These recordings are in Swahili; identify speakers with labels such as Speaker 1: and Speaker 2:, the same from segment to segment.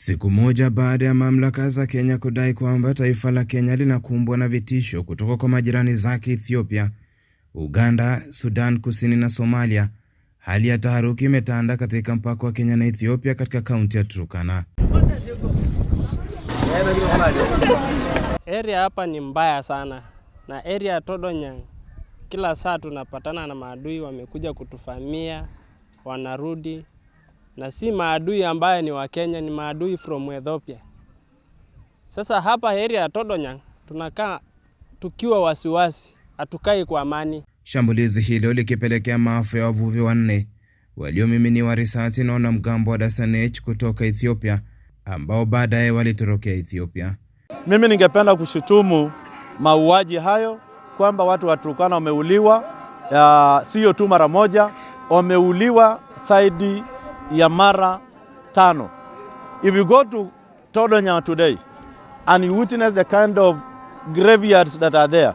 Speaker 1: siku moja baada ya mamlaka za Kenya kudai kwamba taifa la Kenya linakumbwa na vitisho kutoka kwa majirani zake Ethiopia, Uganda, Sudan Kusini na Somalia, hali ya taharuki imetanda katika mpaka wa Kenya na Ethiopia katika kaunti ya Turkana.
Speaker 2: Area hapa ni mbaya sana, na area Todonyang, kila saa tunapatana na maadui, wamekuja kutufamia, wanarudi na si maadui ambaye ni Wakenya, ni maadui from Ethiopia. Sasa hapa area ya Todonyang tunakaa tukiwa wasiwasi, hatukai kwa amani.
Speaker 1: Shambulizi hilo likipelekea maafa ya wavuvi wanne waliomiminiwa risasi na wanamgambo wa Dasanech kutoka Ethiopia ambao baadaye walitorokea Ethiopia.
Speaker 3: Mimi ningependa kushutumu mauaji hayo kwamba watu wa Turkana wameuliwa, siyo tu mara moja, wameuliwa saidi ya mara tano. If you go to Todonya today and you witness the kind of graveyards that are there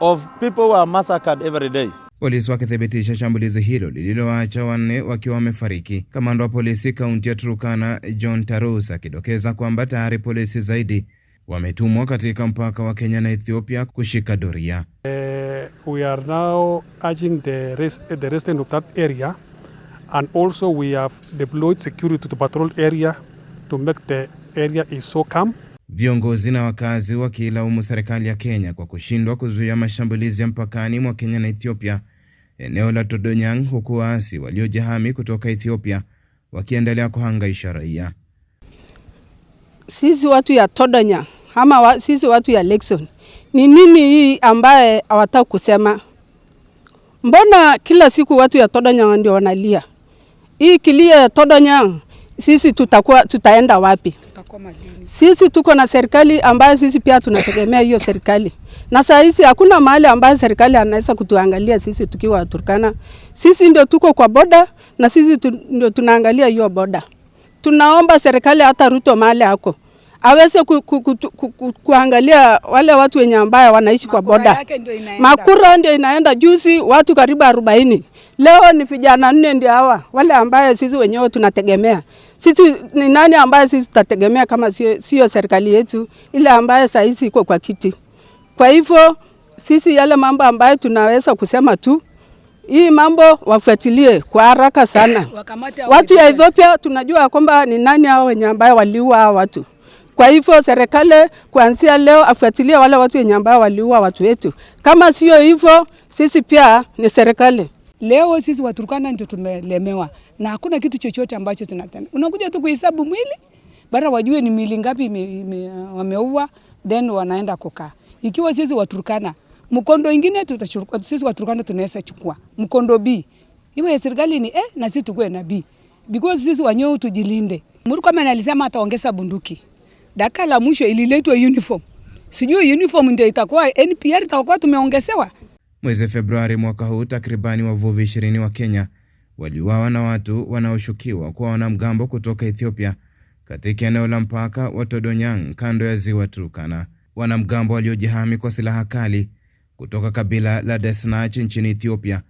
Speaker 3: of people who are massacred every day.
Speaker 1: Polisi wakithibitisha shambulizi hilo lililoacha wanne wakiwa wamefariki. Kamanda wa polisi kaunti ya Turukana John Tarus akidokeza kwamba tayari polisi zaidi wametumwa katika mpaka wa Kenya na Ethiopia kushika doria.
Speaker 4: Uh, we are now urging the rest, the resident of that area and also we have deployed security to patrol area to make the area is so calm.
Speaker 1: Viongozi na wakazi wakiilaumu serikali ya Kenya kwa kushindwa kuzuia mashambulizi ya mpakani mwa Kenya na Ethiopia eneo la Todonyang, huku waasi waliojihami kutoka Ethiopia wakiendelea kuhangaisha raia.
Speaker 5: Sisi watu ya Todonyang ama wa, sisi watu ya Lekson, ni nini hii ambaye hawataka kusema? Mbona kila siku watu ya Todonyang ndio wanalia? hii kilie todonya, sisi tutakuwa tutaenda wapi? Sisi tuko na serikali ambayo sisi pia tunategemea hiyo serikali, na saa hizi hakuna mahali ambayo serikali anaweza kutuangalia sisi tukiwa Turkana. Sisi ndio tuko kwa boda na sisi tu, ndio tunaangalia hiyo boda. Tunaomba serikali hata Ruto mahali ako aweze ku, ku, ku, ku, ku, kuangalia wale watu wenye ambayo wanaishi makura kwa boda, makura ndio inaenda. Juzi watu karibu arobaini Leo ni vijana nne ndio hawa wale ambaye sisi wenyewe tunategemea. Sisi ni nani ambaye sisi tutategemea kama sio serikali yetu ile ambaye saa hizi iko kwa kiti? Kwa hivyo sisi yale mambo ambayo tunaweza kusema tu hii mambo wafuatilie kwa haraka sana. Watu ya Ethiopia tunajua kwamba ni nani hao wenye ambao waliua hao watu. Kwa hivyo serikali kuanzia leo afuatilie wale watu wenye ambao waliua watu wetu. Kama sio hivyo, sisi pia ni serikali
Speaker 6: Leo sisi Waturkana ndio tumelemewa na hakuna kitu chochote ambacho tunatenda. Unakuja tu kuhesabu mwili bara, wajue ni mili ngapi wameua, then wanaenda kukaa. Ikiwa sisi Waturkana mkondo ingine tutachukua, sisi Waturkana tunaweza chukua mkondo B, iwe ya serikali ni eh, na sisi tukue na B, because sisi Wanyau tujilinde. Murkomen alisema ataongeza bunduki. Dakika la mwisho ililetwa uniform, sijui uniform ndio itakuwa NPR, itakuwa tumeongezewa
Speaker 1: Mwezi Februari mwaka huu, takribani wavuvi ishirini wa Kenya waliuawa na watu wanaoshukiwa kuwa wanamgambo kutoka Ethiopia katika eneo la mpaka wa Todonyang kando ya ziwa Turkana. Wanamgambo waliojihami kwa silaha kali kutoka kabila la Desnach nchini Ethiopia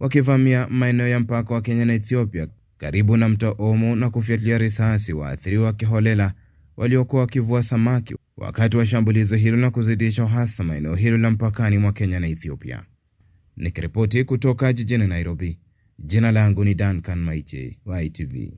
Speaker 1: wakivamia maeneo ya mpaka wa Kenya na Ethiopia karibu na mto Omo na kufyatulia risasi waathiriwa kiholela waliokuwa wakivua samaki wakati wa shambulizi hilo na kuzidisha uhasama eneo hilo la mpakani mwa Kenya na Ethiopia. Nikiripoti kutoka jijini Nairobi, jina langu ni Duncan Maiche wa ITV.